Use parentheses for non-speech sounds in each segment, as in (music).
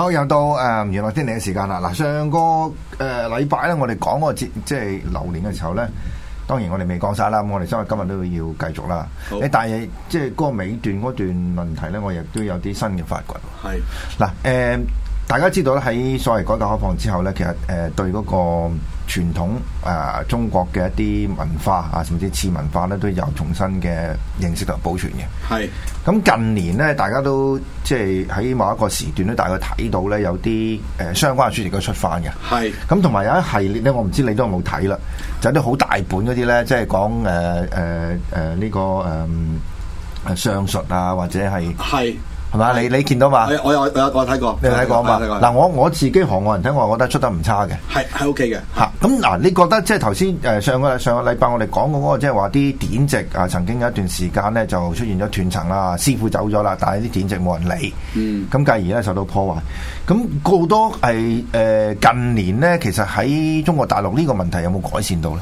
好又到誒、呃、玄學天地嘅時間啦！嗱，上個誒、呃、禮拜咧，我哋講嗰個節即係流年嘅時候咧，當然我哋未講晒啦，咁、嗯、我哋所謂今日都要繼續啦。誒好，但係即係嗰個尾段嗰段問題咧，我亦都有啲新嘅發掘。係嗱誒，大家知道咧喺所謂改革開放之後咧，其實誒、呃、對嗰、那個。傳統誒、呃、中國嘅一啲文化啊，甚至次文化咧，都有重新嘅認識同保存嘅。係咁是近年咧，大家都即係喺某一個時段咧，大概睇到咧有啲誒、呃、相關嘅書亦都出翻嘅。係咁同埋有一系列咧，我唔知你都有冇睇啦，就啲好大本嗰啲咧，即係講誒誒誒呢個誒相、呃、術啊，或者係係。係嘛的？你你見到嘛？我有我有我睇過，你有睇過嘛？嗱，我我自己行外人睇我，我覺得出得唔差嘅。係係 OK 嘅。嚇！咁嗱，你覺得即係頭先誒上個禮上個禮拜我哋講過嗰個，即係話啲典籍啊，曾經有一段時間咧就出現咗斷層啦，師傅走咗啦，但係啲典籍冇人理。咁、嗯、繼而咧受到破壞，咁過多係誒近年咧，其實喺中國大陸呢個問題有冇改善到咧？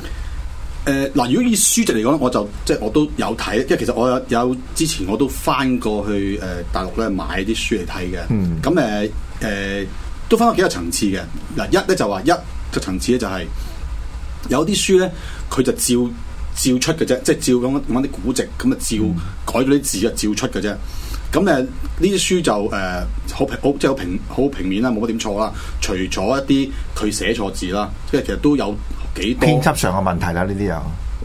誒嗱，如果以書籍嚟講咧，我就即係我都有睇，即係其實我有有之前我都翻過去誒大陸咧買啲書嚟睇嘅。咁誒誒都分咗幾個層次嘅嗱，一咧就話一個層次咧就係、就是、有啲書咧，佢就照照出嘅啫，即係照咁揾啲古籍咁啊，照改咗啲字啊，照出嘅啫。咁誒呢啲書就誒、呃、好平好即係好平好平面啦，冇乜點錯啦。除咗一啲佢寫錯字啦，即係其實都有。幾編輯上嘅問題啦，呢啲又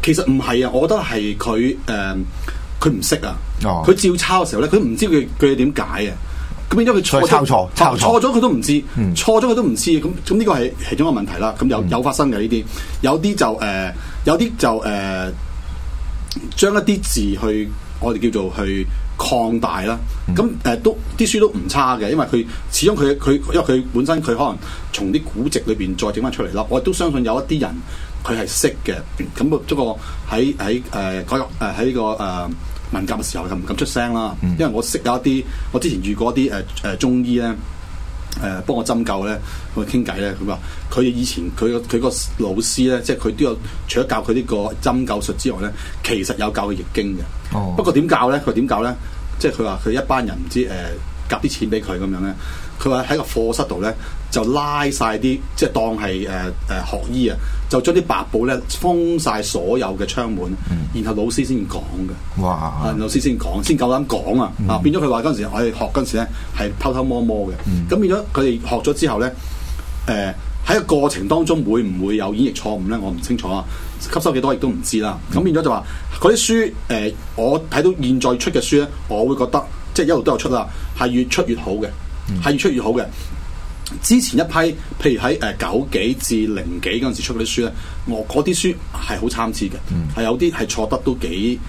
其實唔係啊，我覺得係佢誒，佢唔識啊，佢、哦、照抄嘅時候咧，佢唔知佢佢點解啊。咁變咗佢錯抄錯抄錯咗，佢都唔知，錯咗佢都唔知，咁咁呢個係其中一個問題啦，咁有有發生嘅呢啲，有啲就誒、呃，有啲就誒，將、呃、一啲字去我哋叫做去。擴大啦，咁誒、呃、都啲書都唔差嘅，因為佢始終佢佢，因為佢本身佢可能從啲古籍裏邊再整翻出嚟咯。我都相信有一啲人佢係識嘅，咁啊，不過喺喺誒嗰誒喺呢個誒、呃、文革嘅時候就唔敢出聲啦。因為我識有一啲，我之前遇過一啲誒誒中醫咧。誒、呃、幫我針灸咧，我傾偈咧，佢話，佢以前佢個佢個老師咧，即係佢都有除咗教佢呢個針灸術之外咧，其實有教佢易經嘅。哦，不過點教咧？佢點教咧？即係佢話佢一班人唔知誒、呃，夾啲錢俾佢咁樣咧。佢話喺個課室度咧，就拉晒啲，即係當係誒誒學醫啊，就將啲白布咧封晒所有嘅窗門，嗯、然後老師先講嘅。哇、啊！老師先講，先夠膽講啊！嗯、啊，變咗佢話嗰陣時，我哋學嗰陣時咧係偷偷摸摸嘅。咁、嗯、變咗佢哋學咗之後咧，誒、呃、喺個過程當中會唔會有演繹錯誤咧？我唔清楚啊，吸收幾多亦都唔知啦。咁、嗯、變咗就話嗰啲書，誒、呃、我睇到現在出嘅書咧，我會覺得即係、就是、一路都有出啦，係越出越好嘅。係 (noise) 越出越好嘅，嗯，之前一批，譬如喺誒九幾至零幾嗰陣時出嗰啲書咧，我嗰啲書係好參差嘅，係、嗯、有啲係錯得都幾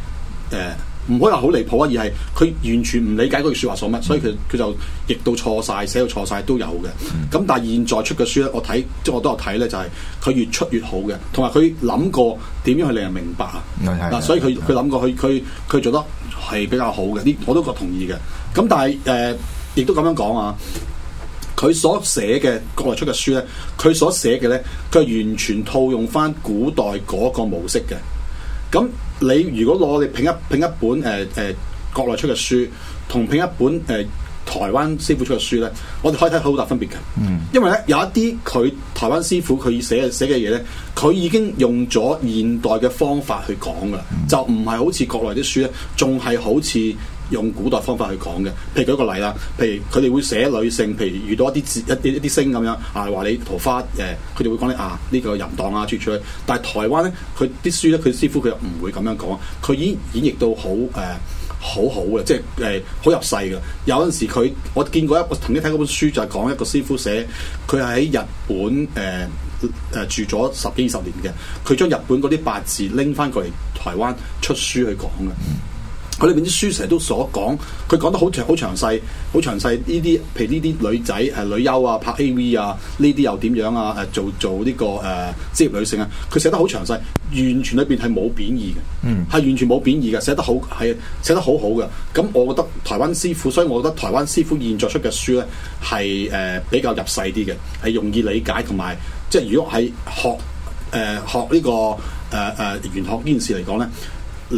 誒，唔可以話好離譜啊，而係佢完全唔理解嗰句說話所乜，所以佢佢就譯到錯晒，寫到錯晒都有嘅。咁但係現在出嘅書咧，我睇即係我都有睇咧，就係佢越出越好嘅，同埋佢諗過點樣去令人明白啊？嗱， (noise) 所以佢佢諗過，佢佢佢做得係比較好嘅，呢我都覺得同意嘅。咁但係誒。呃亦都咁樣講啊，佢所寫嘅國內出嘅書咧，佢所寫嘅咧，佢係完全套用翻古代嗰個模式嘅。咁你如果攞我哋拼一拼一本誒誒、呃、國內出嘅書，同拼一本誒、呃、台灣師傅出嘅書咧，我哋可以睇好大分別嘅。因為咧有一啲佢台灣師傅佢寫嘅寫嘅嘢咧，佢已經用咗現代嘅方法去講噶，就唔係好似國內啲書咧，仲係好似用古代方法去講嘅，譬如舉一個例啦，譬如佢哋會寫女性，譬如遇到一啲字、一啲一啲星咁樣啊，話你桃花誒，佢、呃、哋會講你啊呢、這個淫蕩啊，出出去。但係台灣咧，佢啲書咧，佢師傅佢又唔會咁樣講，佢演演繹到好誒、呃、好好嘅，即係誒好入世嘅。有陣時佢我見過一個我曾經睇過本書就係、是、講一個師傅寫，佢係喺日本誒誒、呃、住咗十幾二十年嘅，佢將日本嗰啲八字拎翻過嚟台灣出書去講嘅。嗯。佢裏邊啲書成日都所講，佢講得好詳好詳細，好詳細呢啲，譬如呢啲女仔係、呃、女優啊、拍 AV 啊，呢啲又點樣啊？誒，做做、這、呢個誒、呃、職業女性啊，佢寫得好詳細，完全裏邊係冇貶義嘅，嗯，係完全冇貶義嘅，寫得好係寫得好好嘅。咁我覺得台灣師傅，所以我覺得台灣師傅現在作出嘅書咧，係誒、呃、比較入世啲嘅，係容易理解同埋，即係如果喺學誒、呃、學呢、這個誒誒玄學呢件事嚟講咧。.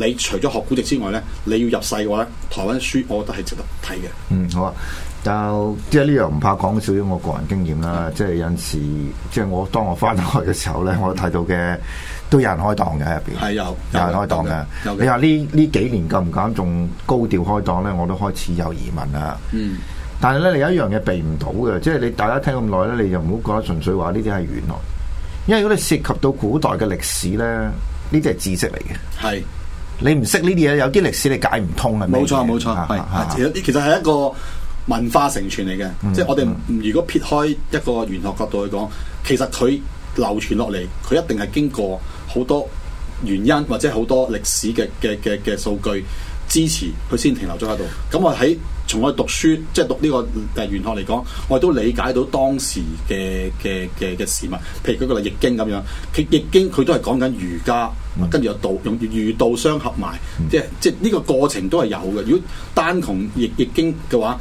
你除咗學古籍之外咧，你要入世嘅話咧，台灣書，我覺得係值得睇嘅。嗯，好啊，但即係呢樣唔怕講少少我個人經驗啦。嗯、即係有時，即係我當我翻去嘅時候咧，嗯、我睇到嘅都有人開檔嘅喺入邊，係、嗯、有有，有人開檔嘅。你話呢呢幾年敢唔敢仲高調開檔咧？我都開始有疑問啦。嗯，但係咧，你有一樣嘢避唔到嘅，即係你大家聽咁耐咧，你就唔好覺得純粹話呢啲係娛樂。因為如果你涉及到古代嘅歷史咧，呢啲係知識嚟嘅。係是。你唔識呢啲嘢，有啲歷史你解唔通啊！冇錯冇錯，係 (laughs) 其實其實係一個文化承傳嚟嘅，嗯、即係我哋如果撇開一個玄學角度去講，其實佢流傳落嚟，佢一定係經過好多原因或者好多歷史嘅嘅嘅嘅數據支持，佢先停留咗喺度。咁我喺從我讀書，即係讀呢個誒玄學嚟講，我哋都理解到當時嘅嘅嘅嘅事物，譬如佢個《易經》咁樣，佢《易經》佢都係講緊儒家，嗯、跟住有道用儒道相合埋，嗯、即係即係呢個過程都係有嘅。如果單從《易易經》嘅話，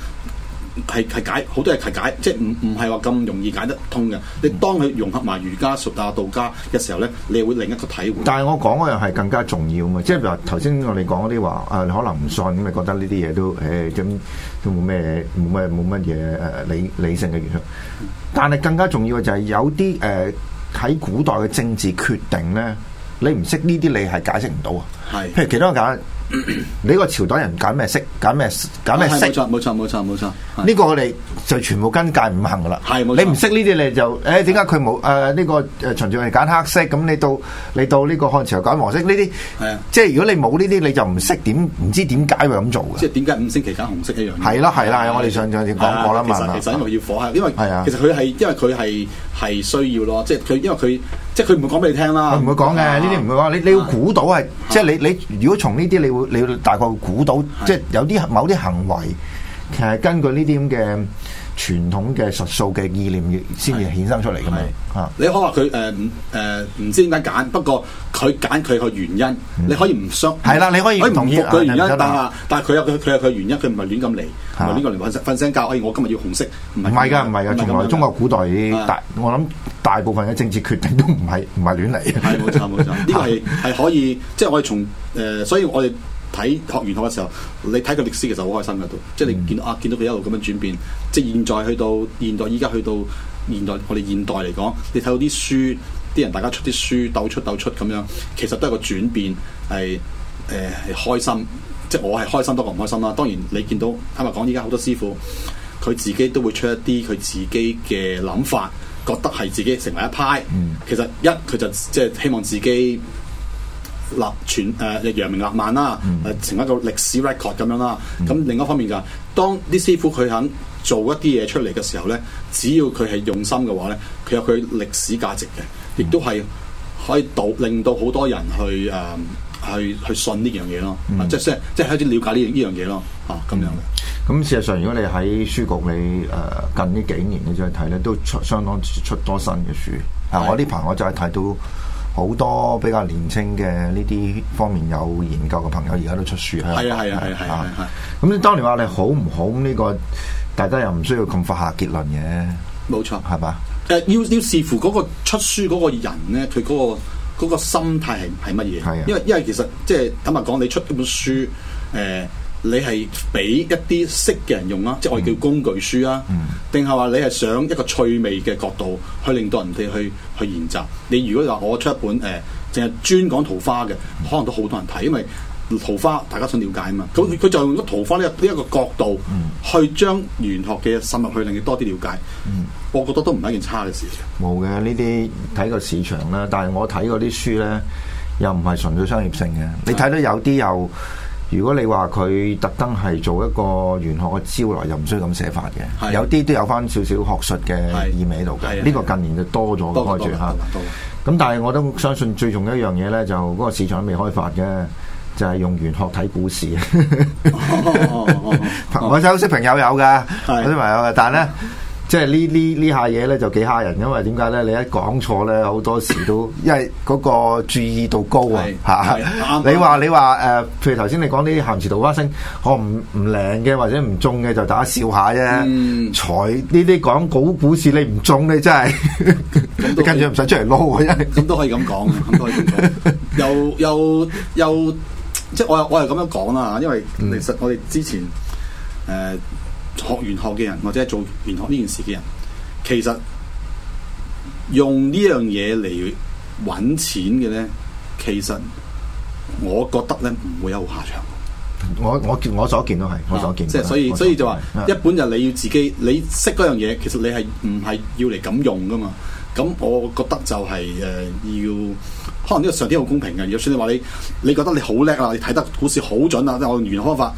係係解好多嘢係解，即係唔唔係話咁容易解得通嘅。你當佢融合埋儒家、釋家、道家嘅時候咧，你會另一個體會。但係我講嗰樣係更加重要啊嘛，即係譬如話頭先我哋講嗰啲話，誒、啊、你可能唔信咁，你覺得呢啲嘢都誒咁、欸、都冇咩冇咩冇乜嘢誒理理性嘅元素。但係更加重要嘅就係有啲誒喺古代嘅政治決定咧，你唔識呢啲你係解釋唔到啊。係是譬如幾多解？你個朝代人揀咩色，揀咩揀咩色？冇錯冇錯冇錯呢個我哋就全部跟界五行噶啦。係你唔識呢啲，你就誒，點解佢冇誒呢個誒秦朝係揀黑色？咁你到你到呢個漢朝又揀黃色？呢啲即係如果你冇呢啲，你就唔識點，唔知點解會咁做嘅。即係點解五星旗揀紅色一樣嘅？係咯係啦，我哋上上次講過啦嘛。其實其實因為要火氣，因為係啊。其實佢係因為佢係係需要咯，即係佢因為佢。即係佢唔會講俾你聽啦，佢唔會講嘅，呢啲唔會講，啊，你要的你要估到係，即係你你如果從呢啲，你會你要大概估到，即係的有啲某啲行為，其實根據呢啲咁嘅。傳統嘅術數嘅意念先至衍生出嚟噶嘛？嚇！你可話佢誒誒唔知點解揀？不過佢揀佢個原因，你可以唔相。係啦，你可以唔同意佢原因，但係但係佢有佢佢有佢原因，佢唔係亂咁嚟，唔係瞓瞓醒覺。我今日要紅色，唔係㗎，唔係㗎。從來中國古代大，我諗大部分嘅政治決定都唔係唔係亂嚟。係冇錯冇錯，呢個係係可以，即係我哋從誒，所以我哋。睇學完學嘅時候，你睇個歷史其實好開心㗎都，即係你見到、嗯、啊見到佢一路咁樣轉變，即係現在去到現代，依家去到現代，我哋現代嚟講，你睇到啲書，啲人大家出啲書，鬥出鬥出咁樣，其實都係一個轉變，係誒、呃、係開心，即係我係開心多過唔開心啦。當然你見到啱話講，依家好多師傅，佢自己都會出一啲佢自己嘅諗法，覺得係自己成為一派。嗯、其實一佢就即係、就係、希望自己立傳誒揚名立萬啦，誒成一個歷史 record 咁樣啦。咁另一方面就係、是，當啲師傅佢肯做一啲嘢出嚟嘅時候咧，只要佢係用心嘅話咧，佢有佢歷史價值嘅，亦都係可以導令到好多人去誒、呃、去去信呢樣嘢咯。即係即係開始了解呢呢樣嘢咯。啊，咁樣嘅。咁事實上，如果你喺書局，你誒、呃、近呢幾年你再睇咧，都相相當出多新嘅書。係、啊，我呢排我就係睇到。好多比較年青嘅呢啲方面有研究嘅朋友，而家都出書啦。係啊係啊係係係係。咁 (music) 你當年話你好唔好？呢個大家又唔需要咁快下結論嘅。冇錯，係嘛的？誒的要要視乎嗰個出書嗰個人咧，佢嗰個嗰個心態係係乜嘢？係啊的。因為因為其實即係坦白講，你出嗰本書誒。呃你係俾一啲識嘅人用啦、啊，即係我哋叫工具書啦、啊，定係話你係想一個趣味嘅角度去令到人哋去去研習？你如果話我出一本誒，淨、呃、係專講桃花嘅，可能都好多人睇，因為桃花大家想了解啊嘛。咁佢就用咗桃花呢呢一個角度去將玄學嘅嘢滲入去，令你多啲了解。嗯、我覺得都唔係一件差嘅事、啊。情。冇嘅，呢啲睇個市場啦。但係我睇嗰啲書咧，又唔係純粹商業性嘅。你睇到有啲又。嗯如果你話佢特登係做一個玄學嘅招來，又唔需要咁寫法嘅，有啲都有翻少少學術嘅意味喺度嘅。呢個近年就多咗嘅開住吓，咁但係我都相信最重要一樣嘢咧，就嗰個市場未開發嘅，就係用玄學睇股市。我有識朋友有㗎，有啲朋友，但係咧。即係呢呢呢下嘢咧就幾嚇人，因為點解咧？你一講錯咧，好多時都，因為嗰個注意度高啊！吓，你話你話誒，譬如頭先你講啲咸池桃花星，我唔唔靚嘅或者唔中嘅，就大家笑下啫。嗯、才呢啲講股股市，你唔中你真係、嗯、跟住唔使出嚟撈，咁都可以咁講，咁、嗯、都可以講。又又又即係我我係咁樣講啦，因為其實我哋之前誒。學玄學嘅人，或者做玄學呢件事嘅人，其實用呢樣嘢嚟搵錢嘅咧，其實我覺得咧唔會有好下場我。我我見我所見都係我所見，即係、啊、所以、所、所、以，所以就話，一,一本就你要自己你識嗰樣嘢，是其實你係唔係要嚟咁用噶嘛？咁我覺得就係、是、誒、呃、要，可能呢個上天好公平嘅。就算你話你你覺得你好叻啊，你睇得股市好準啊，都用玄學法。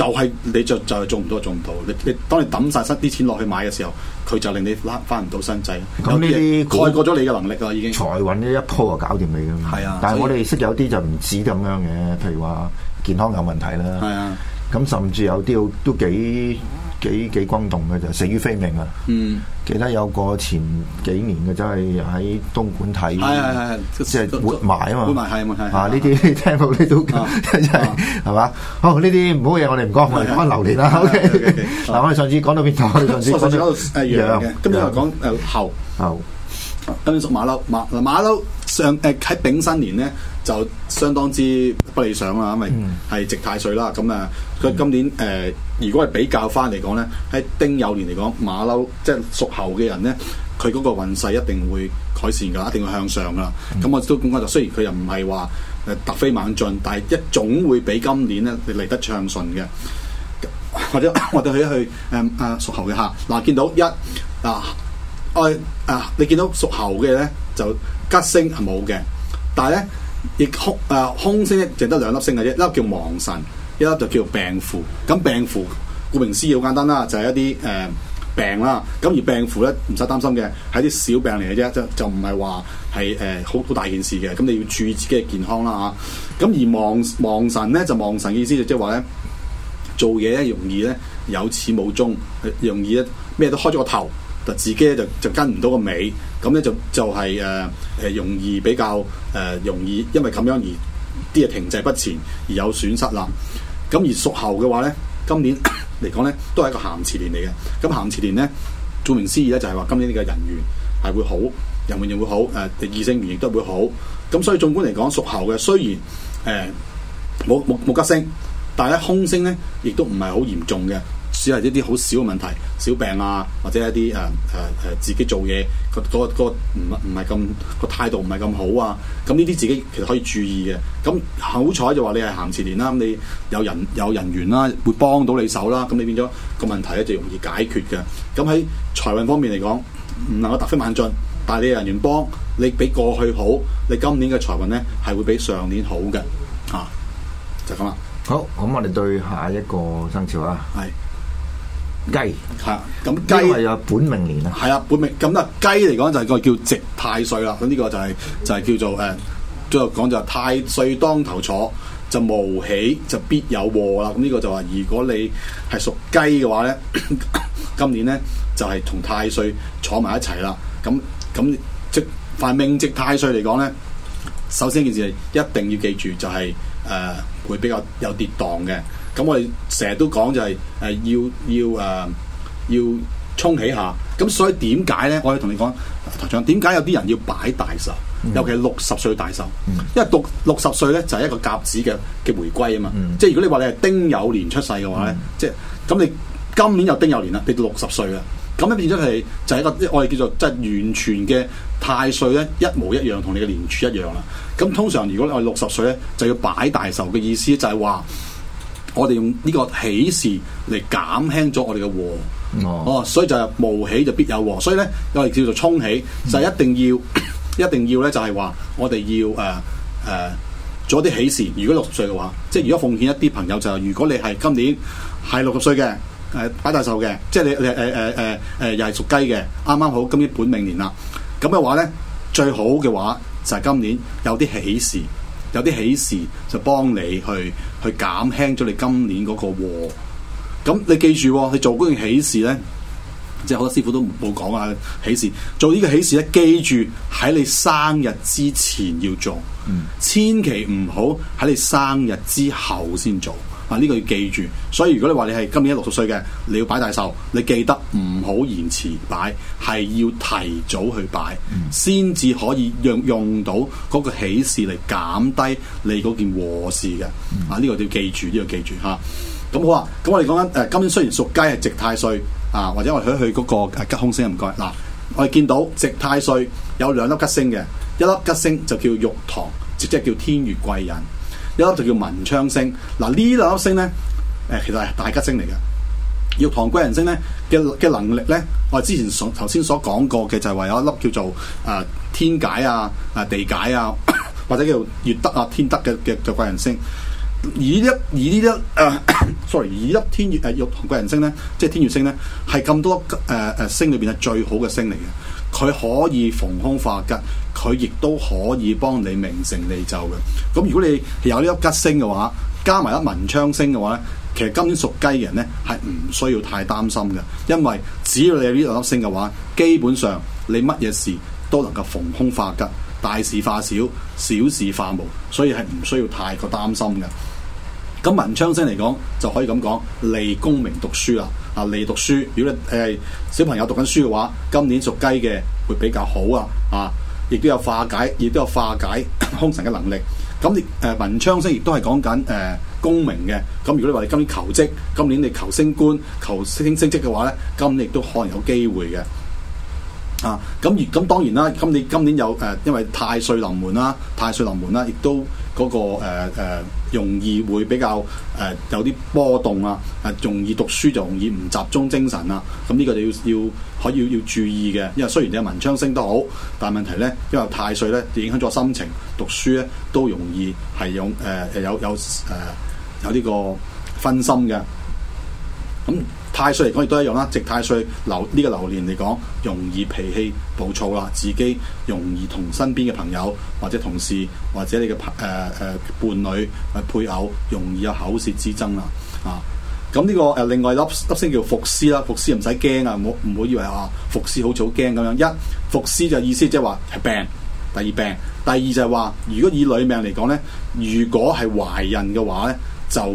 就係你著就係做唔到做唔到，你、就係、你，你當你抌晒塞啲錢落去買嘅時候，佢就令你拉翻唔到身仔。咁呢啲蓋過咗你嘅能力啊，已經財運呢一鋪就搞掂你啦。係啊，但係我哋識有啲就唔止咁樣嘅，譬如話健康有問題啦。係啊，咁甚至有啲都幾。幾幾轟動嘅就死於非命啊！記得有個前幾年嘅，就係喺東莞睇，即係活埋啊嘛！啊，呢啲聽到呢都真係係嘛？好，呢啲唔好嘢，我哋唔講，我哋講下榴蓮啦。嗱，我哋上次講到邊度？上次講到羊嘅，今日又講猴。猴，今日屬馬騮馬，嗱馬騮。上誒喺、啊、丙申年咧就相當之不理想啦，因為係值太歲啦。咁啊、嗯，佢、uh, 今年誒、呃，如果係比較翻嚟講咧，喺丁酉年嚟講，馬騮、嗯、即係屬猴嘅人咧，佢嗰個運勢一定會改善噶，一定會向上噶。咁、嗯、我都講緊就，雖然佢又唔係話誒突飛猛進，但係一總會比今年咧嚟得暢順嘅。或者 (laughs) 我哋去一去誒誒、嗯啊、屬猴嘅嚇嗱，見到一啊，我啊你見到屬猴嘅咧就。啊啊啊吉星係冇嘅，但係咧亦凶，誒、呃、凶星淨得兩粒星嘅啫，一粒叫亡神，一粒就叫病符。咁病符顧名思義好簡單啦，就係、是、一啲誒、呃、病啦。咁而病符咧唔使擔心嘅，係啲小病嚟嘅啫，就就唔係話係誒好好大件事嘅。咁你要注意自己嘅健康啦吓。咁、啊、而亡亡神咧就亡神嘅意思就即係話咧做嘢咧容易咧有始冇終，容易咧咩都開咗個頭。嗱，自己咧就就跟唔到個尾，咁咧就就係誒誒容易比較誒、呃、容易，因為咁樣而啲嘢停滯不前，而有損失啦。咁而屬猴嘅話咧，今年嚟講咧都係一個咸池年嚟嘅。咁咸池年咧，顧名思義咧就係、是、話今年呢個人緣係會好，人緣亦會好，誒、呃、異性緣亦都會好。咁所以縱觀嚟講，屬猴嘅雖然誒冇冇冇吉星，但係咧空星咧亦都唔係好嚴重嘅。只係一啲好少嘅問題，小病啊，或者一啲誒誒誒自己做嘢，個嗰個唔唔係咁個態度唔係咁好啊，咁呢啲自己其實可以注意嘅。咁好彩就話你係行前年啦，咁你有人有人緣啦，會幫到你手啦，咁你變咗個問題咧就容易解決嘅。咁喺財運方面嚟講，唔能夠突飛猛進，但係你人緣幫你比過去好，你今年嘅財運咧係會比上年好嘅，嚇、啊、就咁啦。好，咁我哋對下一個生肖啊，係。雞吓，咁雞係啊本命年啊，係啊本命咁啊雞嚟講就係個叫值太歲啦，咁呢個就係、是、就係、是、叫做誒，即係講就係、是、太歲當頭坐就無喜就必有禍啦，咁呢個就話如果你係屬雞嘅話咧， (coughs) 今年咧就係、是、同太歲坐埋一齊啦，咁咁即犯命值太歲嚟講咧，首先件事係一定要記住就係、是、誒、呃、會比較有跌蕩嘅。咁我哋成日都講就係誒要要誒、啊、要沖起下，咁所以點解咧？我哋同你講，台長，點解有啲人要擺大壽？嗯、尤其係六十歲大壽，嗯、因為六六十歲咧就係一個甲子嘅嘅回歸啊嘛。嗯、即係如果你話你係丁酉年出世嘅話咧，嗯、即係咁你今年又丁酉年啦，你到六十歲啦，咁咧變咗係就係一個我哋叫做即係、就是、完全嘅太歲咧一模一樣，同你嘅年柱一樣啦。咁通常如果我哋六十歲咧就要擺大壽嘅意思就係話。我哋用呢個喜事嚟減輕咗我哋嘅禍哦，所以就係無喜就必有禍，所以咧我哋叫做沖喜，就係、是、一定要、嗯、一定要咧就係話我哋要誒誒、呃呃、做啲喜事。如果六十歲嘅話，嗯、即係如果奉獻一啲朋友就係、是，如果你係今年係六十歲嘅誒擺大壽嘅，即係你你誒誒誒誒誒又係屬雞嘅，啱啱好今年本命年啦，咁嘅話咧最好嘅話就係今年有啲喜事，有啲喜事就幫你去。去減輕咗你今年嗰個禍，咁你記住、哦、你做嗰件喜事咧，即係好多師傅都唔冇講啊！喜事做呢個喜事咧，記住喺你生日之前要做，嗯、千祈唔好喺你生日之後先做。啊！呢、這個要記住，所以如果你話你係今年一六十歲嘅，你要擺大壽，你記得唔好延遲擺，係要提早去擺，先至、嗯、可以用用到嗰個喜事嚟減低你嗰件禍事嘅。啊！呢、這個要記住，呢、這個要記住嚇。咁、啊、好啊，咁我哋講緊誒、呃，今年雖然屬雞係值太歲啊，或者我哋去去嗰個吉空星唔該。嗱、啊，我哋見到值太歲有兩粒吉星嘅，一粒吉星就叫玉堂，即係叫天月貴人，一粒就叫文昌星，嗱呢兩粒星咧，誒，其實係大吉星嚟嘅。玉堂貴人星咧嘅嘅能力咧，我之前頭先所講過嘅就係話有一粒叫做誒、呃、天解啊，誒地解啊，或者叫做月德啊、天德嘅嘅貴人星。以一以呢啲誒，sorry，以一粒天月誒、呃、玉堂貴人星咧，即係天月星咧，係咁多誒誒、呃、星裏邊係最好嘅星嚟嘅。佢可以逢凶化吉，佢亦都可以幫你名成利就嘅。咁如果你有呢粒吉星嘅話，加埋一文昌星嘅話咧，其實今年屬雞嘅人咧係唔需要太擔心嘅，因為只要你有呢兩粒星嘅話，基本上你乜嘢事都能夠逢凶化吉，大事化小，小事化無，所以係唔需要太過擔心嘅。咁文昌星嚟講，就可以咁講，利功名讀書啊，啊利讀書。如果你誒、呃、小朋友讀緊書嘅話，今年屬雞嘅會比較好啊，啊，亦都有化解，亦都有化解凶 (coughs) 神嘅能力。咁你誒、呃、文昌星亦都係講緊誒功名嘅。咁如果你話你今年求職，今年你求升官、求升升職嘅話咧，今年亦都可能有機會嘅。啊！咁咁當然啦，今年今年有誒、呃，因為太歲臨門啦，太歲臨門啦、那個，亦都嗰個誒容易會比較誒、呃、有啲波動啊，誒容易讀書就容易唔集中精神啊，咁、這、呢個就要要可以要注意嘅，因為雖然你嘅文昌星都好，但問題咧，因為太歲咧影響咗心情，讀書咧都容易係有誒、呃、有有誒、呃、有呢個分心嘅，咁、嗯。太歲嚟講亦都一樣啦，值太歲流呢、這個流年嚟講，容易脾氣暴躁啦，自己容易同身邊嘅朋友或者同事或者你嘅朋誒誒伴侶誒、呃呃呃、配偶容易有口舌之爭啦啊！咁、這、呢個誒、呃、另外粒粒星叫伏屍啦，伏屍唔使驚啊，冇唔好以為話伏屍好似好驚咁樣。一伏屍就意思即係話係病，第二病，第二就係話如果以女命嚟講咧，如果係懷孕嘅話咧。就要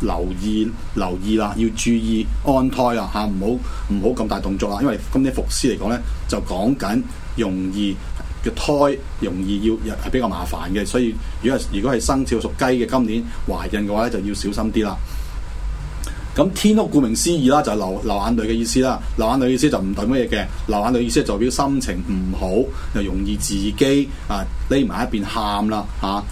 留意留意啦，要注意安胎啊吓，唔好唔好咁大動作啦，因為今年伏屍嚟講呢，就講緊容易嘅胎，容易要係比較麻煩嘅，所以如果如果係生肖屬雞嘅今年懷孕嘅話呢，就要小心啲啦。咁天屋顧名思義啦，就係流眼淚嘅意思啦，流眼淚意思就唔代表咩嘢嘅，流眼淚意思就代表心情唔好，又容易自己啊匿埋一邊喊啦吓。啊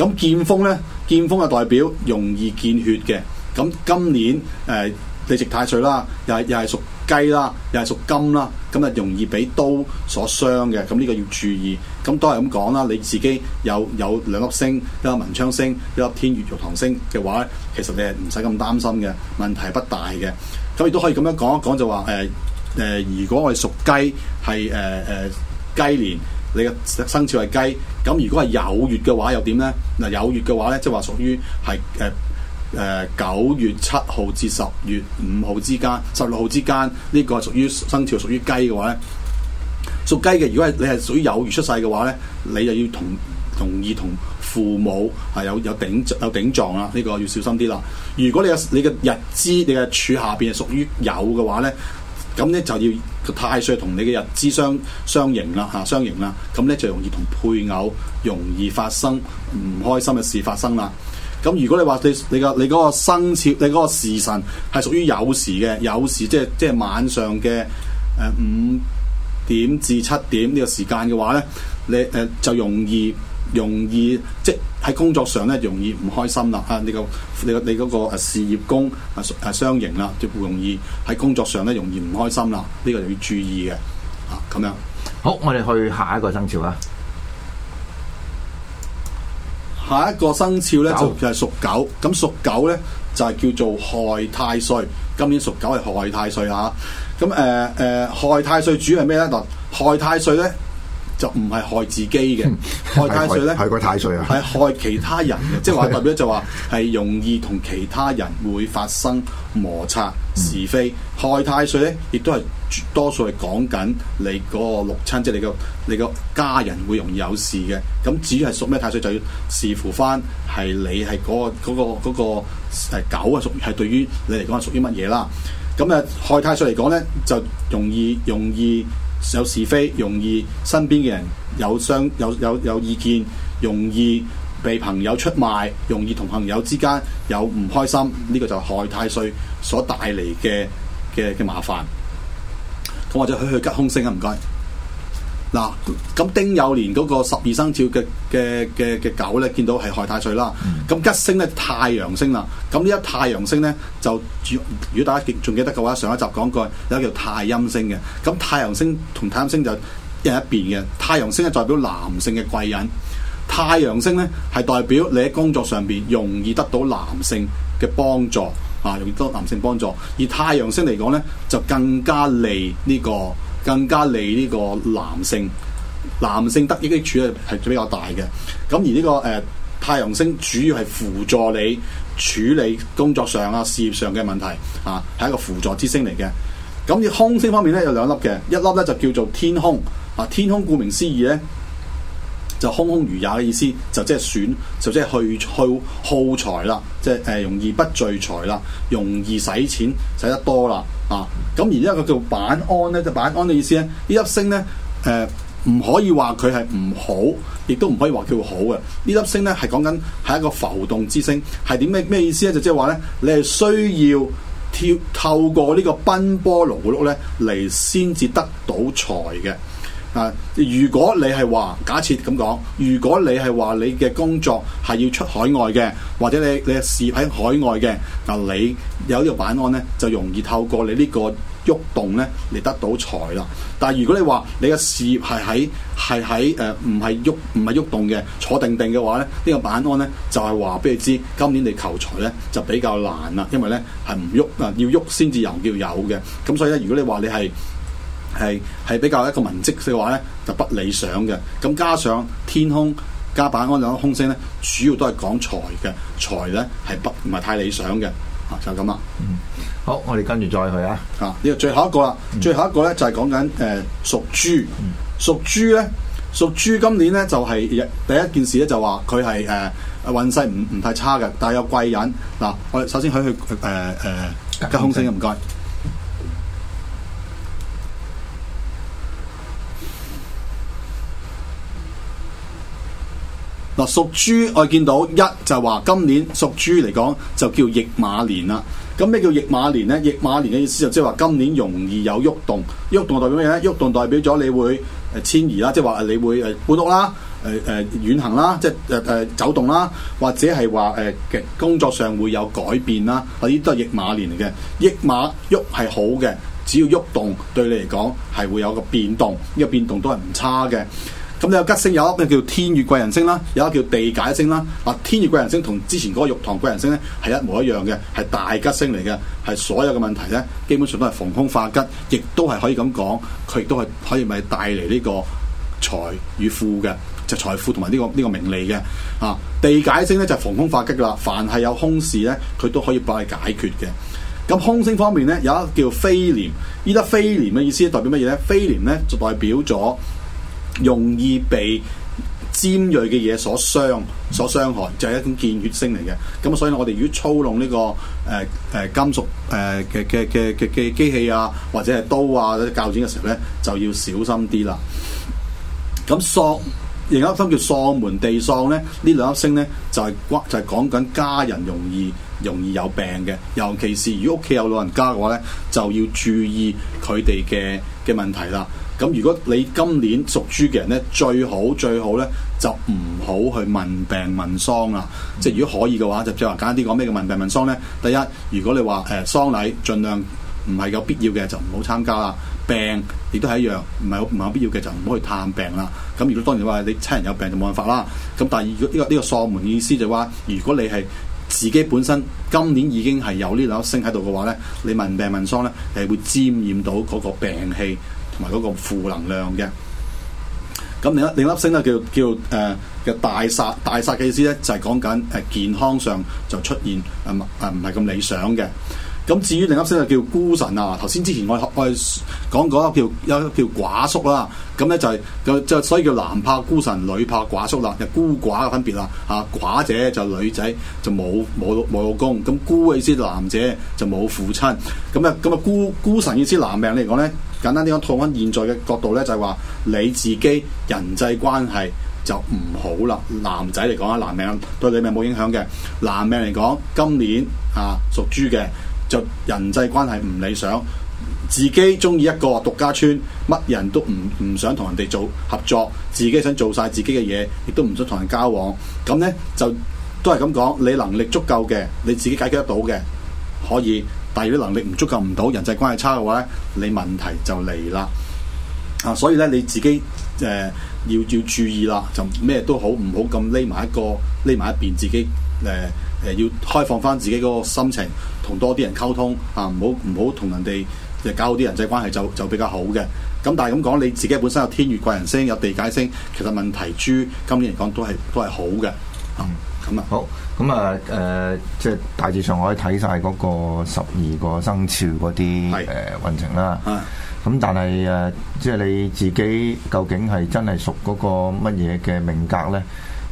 咁劍鋒咧，劍鋒就代表容易見血嘅。咁今年誒、呃、你值太歲啦，又係又係屬雞啦，又係屬金啦，咁啊容易俾刀所傷嘅。咁呢個要注意。咁都係咁講啦，你自己有有兩粒星，一粒文昌星，一粒天月玉堂星嘅話，其實你係唔使咁擔心嘅，問題不大嘅。咁亦都可以咁樣講一講，就話誒誒，如果我係屬雞，係誒誒雞年。你嘅生肖係雞，咁如果係酉月嘅話又點呢？嗱，酉月嘅話呢，即係話屬於係誒誒九月七號至十月五號之間，十六號之間，呢、這個係屬於生肖屬於雞嘅話呢，屬雞嘅。如果你係屬於酉月出世嘅話呢，你就要同同意同父母係有有頂有頂撞啦，呢、這個要小心啲啦。如果你嘅你嘅日支、你嘅柱下邊係屬於酉嘅話呢。咁咧就要太歲同你嘅日支相相刑啦，嚇相刑啦，咁咧就容易同配偶容易發生唔開心嘅事發生啦。咁如果你話你你個你嗰個生肖你嗰個時辰係屬於酉時嘅酉時，即係即係晚上嘅誒五點至七點呢個時間嘅話咧，你誒、呃、就容易。容易即喺工作上咧容易唔開心啦啊！你個你你嗰個事業工啊啊雙贏啦，就容易喺工作上咧容易唔開心啦，呢個就要注意嘅啊咁樣。好，我哋去下一個生肖啦。下一個生肖咧走就係屬狗，咁屬狗咧就係叫做害太歲。今年屬狗係害太歲啊！咁誒誒，害太歲主係咩咧？害太歲咧？就唔係害自己嘅， (laughs) 害太歲咧，係個太歲啊，係害其他人嘅， (laughs) 即係話代表就話係容易同其他人會發生摩擦是非。 (laughs) 害太歲咧，亦都係多數係講緊你嗰個六親，即係你個你個家人會容易有事嘅。咁至於係屬咩太歲，就要視乎翻係你係嗰個嗰個嗰個係狗啊，屬係對於你嚟講係屬於乜嘢啦。咁啊，害太歲嚟講咧，就容易容易，有是非，容易身邊嘅人有傷有有有意見，容易被朋友出賣，容易同朋友之間有唔開心，呢、這個就係害太歲所帶嚟嘅嘅嘅麻煩，咁或者去去吉凶星啊，唔該。嗱，咁丁酉年嗰個十二生肖嘅嘅嘅嘅狗咧，見到係亥太歲啦。咁、嗯、吉星咧太陽星啦。咁呢一太陽星咧就，如果大家記仲記得嘅話，上一集講過有一個叫太陰星嘅。咁太陽星同太陰星就一人一邊嘅。太陽星咧代表男性嘅貴人，太陽星咧係代表你喺工作上邊容易得到男性嘅幫助，啊，容易得到男性幫助。而太陽星嚟講咧就更加利呢、這個。更加利呢個男性，男性得益嘅處咧係比較大嘅。咁而呢、這個誒、呃、太陽星主要係輔助你處理工作上啊、事業上嘅問題，啊係一個輔助之星嚟嘅。咁、啊、而空星方面咧有兩粒嘅，一粒咧就叫做天空。啊，天空顧名思義咧就空空如也嘅意思，就即係損，就即係去去耗財啦，即係誒、呃、容易不聚財啦，容易使錢使得多啦。啊！咁而家個叫板安咧，就板安嘅意思咧，呢粒星咧，誒、呃、唔可以話佢係唔好，亦都唔可以話佢會好嘅。呢粒星咧係講緊係一個浮動之星，係點咩咩意思咧？就即係話咧，你係需要跳透過個賓呢個奔波勞碌咧嚟先至得到財嘅。啊！如果你係話假設咁講，如果你係話你嘅工作係要出海外嘅，或者你你嘅事業喺海外嘅，嗱、啊、你有個呢個板案咧，就容易透過你個喐動呢個喐動咧嚟得到財啦。但係如果你話你嘅事業係喺係喺誒唔係喐唔係喐動嘅，坐定定嘅話咧，這個、呢個板案咧就係話俾你知，今年你求財咧就比較難啦，因為咧係唔喐啊，要喐先至有叫有嘅。咁所以咧，如果你話你係，係係比較一個文職嘅話咧，就不理想嘅。咁加上天空加板安兩個空星咧，主要都係講財嘅，財咧係不唔係太理想嘅。啊，就咁啊。嗯。好，我哋跟住再去啊。啊，呢個最後一個啦，嗯、最後一個咧就係、是、講緊誒、呃、屬豬，嗯、屬豬咧，屬豬今年咧就係、是、第一件事咧就話佢係誒運勢唔唔太差嘅，但係有貴人嗱。我哋首先可以去誒誒、呃呃、加空星啊，唔該。嗱，屬豬我見到一就係話今年屬豬嚟講就叫驛馬年啦。咁咩叫驛馬年呢？驛馬年嘅意思就即係話今年容易有喐動，喐動代表咩呢？喐動代表咗你會誒遷移啦，即係話你會誒搬屋啦、誒誒遠行啦，即係誒誒走動啦，或者係話誒嘅工作上會有改變啦。啊，呢啲都係驛馬年嚟嘅。驛馬喐係好嘅，只要喐動對你嚟講係會有個變動，呢個變動都係唔差嘅。咁你有吉星，有一個叫天月貴人星啦，有一個叫地解星啦。啊，天月貴人星同之前嗰個玉堂貴人星咧，係一模一樣嘅，係大吉星嚟嘅，係所有嘅問題咧，基本上都係逢空化吉，亦都係可以咁講，佢亦都係可以咪帶嚟呢個財與富嘅，就財富同埋呢個呢個名利嘅。啊，地解星咧就係逢空化吉噶啦，凡係有空事咧，佢都可以幫你解決嘅。咁空星方面咧，有一個叫飛廉，依粒飛廉嘅意思代表乜嘢咧？飛廉咧就代表咗，容易被尖銳嘅嘢所傷，所傷害就係一種見血星嚟嘅。咁所以我哋如果操弄呢個誒誒金屬誒嘅嘅嘅嘅嘅機器啊，或者係刀啊、鉸剪嘅時候咧，就要小心啲啦。咁喪，另一分叫喪門地喪咧，呢兩粒星咧就係關就係講緊家人容易容易有病嘅，尤其是如果屋企有老人家嘅話咧，就要注意佢哋嘅嘅問題啦。咁如果你今年屬豬嘅人咧，最好最好咧就唔好去問病問喪啦。即係如果可以嘅話，就即係話簡單啲講咩叫問病問喪咧？第一，如果你話誒、呃、喪禮，盡量唔係有必要嘅就唔好參加啦。病亦都係一樣，唔係唔係有必要嘅就唔好去探病啦。咁如果當然話你親人有病就冇辦法啦。咁但係如果呢、這個呢、這個喪門意思就話、是，如果你係自己本身今年已經係有呢粒星喺度嘅話咧，你問病問喪咧係會沾染到嗰個病氣。同埋嗰個負能量嘅，咁另一另粒星咧叫叫誒嘅、呃、大煞大煞嘅意思咧，就係、是、講緊誒健康上就出現誒誒唔係咁理想嘅。咁至於另一粒星就叫孤神啊！頭先之前我我，我講講叫一叫，叫，叫寡叔啦，咁咧就係就，就所以叫男怕孤神，女怕寡叔啦，就孤寡嘅分別啦嚇、啊。寡者就女仔就冇冇冇老公，咁孤嘅意思男者就冇父親。咁咧咁啊孤孤神，孤，孤神意思男，意思男，男命嚟講咧。簡單啲講，套返現在嘅角度咧，就係話你自己人際關係就唔好啦。男仔嚟講啊，男命對你命冇影響嘅。男命嚟講，今年啊屬豬嘅就人際關係唔理想，自己中意一個獨家村，乜人都唔唔想同人哋做合作，自己想做晒自己嘅嘢，亦都唔想同人交往。咁呢，就都係咁講，你能力足夠嘅，你自己解決得到嘅可以。但係啲能力唔足夠唔到，人際關係差嘅話咧，你問題就嚟啦。啊，所以咧你自己誒、呃、要要注意啦，就咩都好唔好咁匿埋一個匿埋一邊，自己誒誒、呃、要開放翻自己嗰個心情，同多啲人溝通啊，唔好唔好同人哋誒搞好啲人際關係就就比較好嘅。咁、啊、但係咁講，你自己本身有天鉞貴人星，有地解星，其實問題豬今年嚟講都係都係好嘅。咁啊好。咁啊，誒、嗯呃，即係大致上我可以睇晒嗰個十二個生肖嗰啲誒運程啦。咁、啊嗯、但係誒，即係你自己究竟係真係屬嗰個乜嘢嘅命格咧？誒、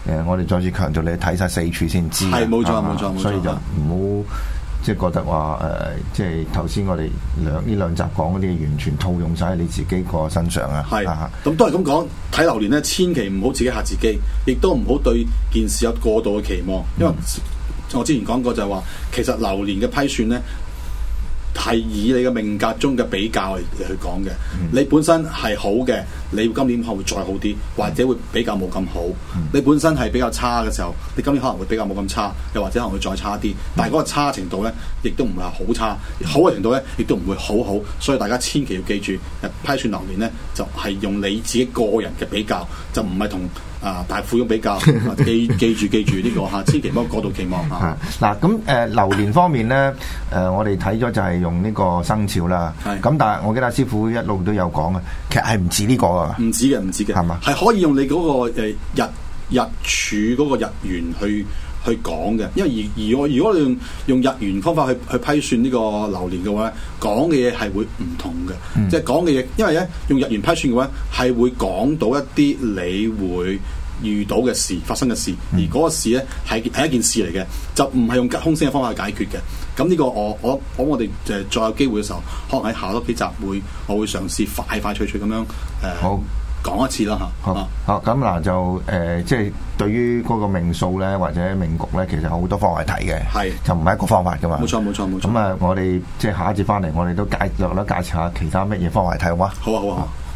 呃，我哋再次強調，你睇晒四處先知。係，冇錯，冇、啊、錯，錯。所以就唔好。即係覺得話誒、呃，即係頭先我哋兩呢兩集講嗰啲，完全套用晒喺你自己個身上係啊！係咁都係咁講，睇流年咧，千祈唔好自己嚇自己，亦都唔好對件事有過度嘅期望，因為我之前講過就係話，其實流年嘅批算咧。係以你嘅命格中嘅比較嚟去講嘅，你本身係好嘅，你今年可能會再好啲，或者會比較冇咁好。你本身係比較差嘅時候，你今年可能會比較冇咁差，又或者可能會再差啲。但係嗰個差程度呢，亦都唔係好差，好嘅程度呢，亦都唔會好好。所以大家千祈要記住，批算流年呢，就係、是、用你自己個人嘅比較，就唔係同。啊！但富翁比較、啊、記記住記住呢、呢個嚇、啊，千祈唔好過度期望嚇。嗱咁誒流年方面咧，誒、呃、我哋睇咗就係用呢個生肖啦。咁是、啊、但係我記得師傅一路都有講啊，其實係唔似呢個啊，唔似嘅唔似嘅，係嘛？係嗎，可以用你嗰個日日柱嗰個日元去去講嘅，因為而而我如果你用用日元方法去去批算呢個流年嘅話咧，講嘅嘢係會唔同嘅，嗯、即係講嘅嘢，因為咧用日元批算嘅話係會講到一啲你會遇到嘅事、發生嘅事，而嗰個事咧係係一件事嚟嘅，就唔係用吉空星嘅方法去解決嘅。咁呢個我我我，我我哋，就係再有機會嘅時候，可能喺下個多幾集會，我會嘗試快快脆脆咁樣誒。呃好講一次啦嚇，好，咁嗱、啊、吧就誒，即、呃、係、就是、對於嗰個命數咧或者命局咧，其實好多方法嚟睇嘅，係是就唔係一個方法噶嘛。冇錯冇錯冇錯。咁啊、嗯，我哋即係下一節翻嚟，我哋都略略介紹啦，介紹下其他乜嘢方法嚟睇好嗎？好啊好啊。好啊好啊嗯